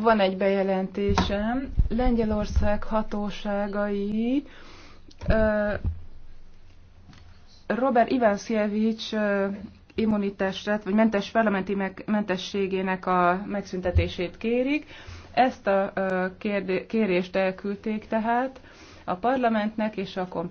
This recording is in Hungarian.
Van egy bejelentésem. Lengyelország hatóságai Robert Ivansjevics immunitását, vagy mentes parlamenti mentességének a megszüntetését kérik. Ezt a kérdé, kérést elküldték tehát a parlamentnek és a kompetens